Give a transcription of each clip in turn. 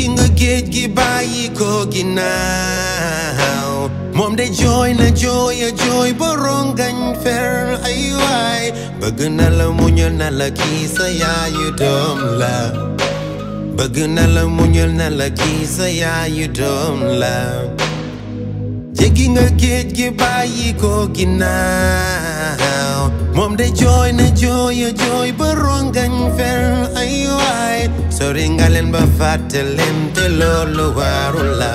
jéggi nga géej gi bàyyi ko ginnaaw moom de jooy na jooy a jooy ba rongañ fer ay waay bëgg na la muñal na na la muñal yaayu doom la Taking a kid, you buy you cooking now. Mom, they joy, na joy, a joy, barong gang fair, ay, ay. So ringalen bafatelem to lolo warula.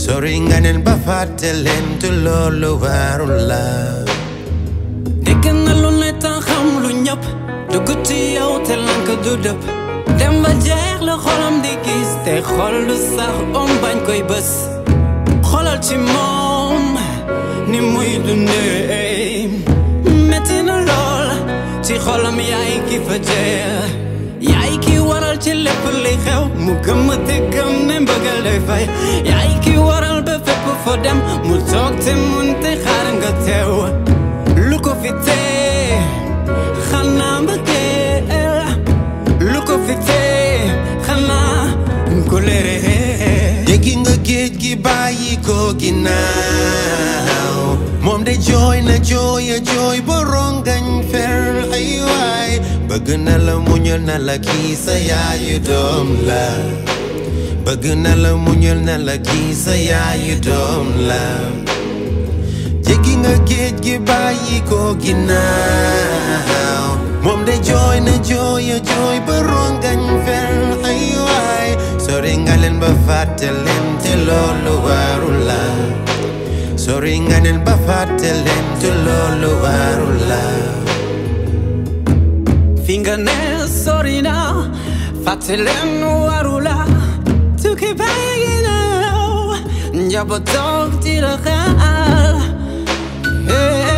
So ringalen bafatelem to lolo warula. Dikken alone at a ham lunyap. Du gutti out and like a dudap. Dem ba jair le holam dikis, te hol lu sar om bain koi bus. til morgen Ni mødende Med din lol Til holder mig jeg ikke for det Jeg ikke ورا الجل بليخو مقم تقم نبقل فاي يا ايكي ورا البفق فدم ملتوك تمنت خارن قتو لوكو في تي خلنا بكير لوكو في تي خلنا كل رهي did gi bayi ko ginaw Mom de joy na joy a joy borong gan fer hayway Bagu na la munyol na la kisa ya yu dom la Bagu na la munyol na la kisa ya yu dom la Jigi nga gid gi bayi ko ginaw Mom de joy na joy a joy borong gan fer hayway Sorry ngalen ba fatel lolo warula soringanen bafatelen to lolo warula Fingane sorina fatelen warula tuke bagina jabotog tirakhal eh, hey eh.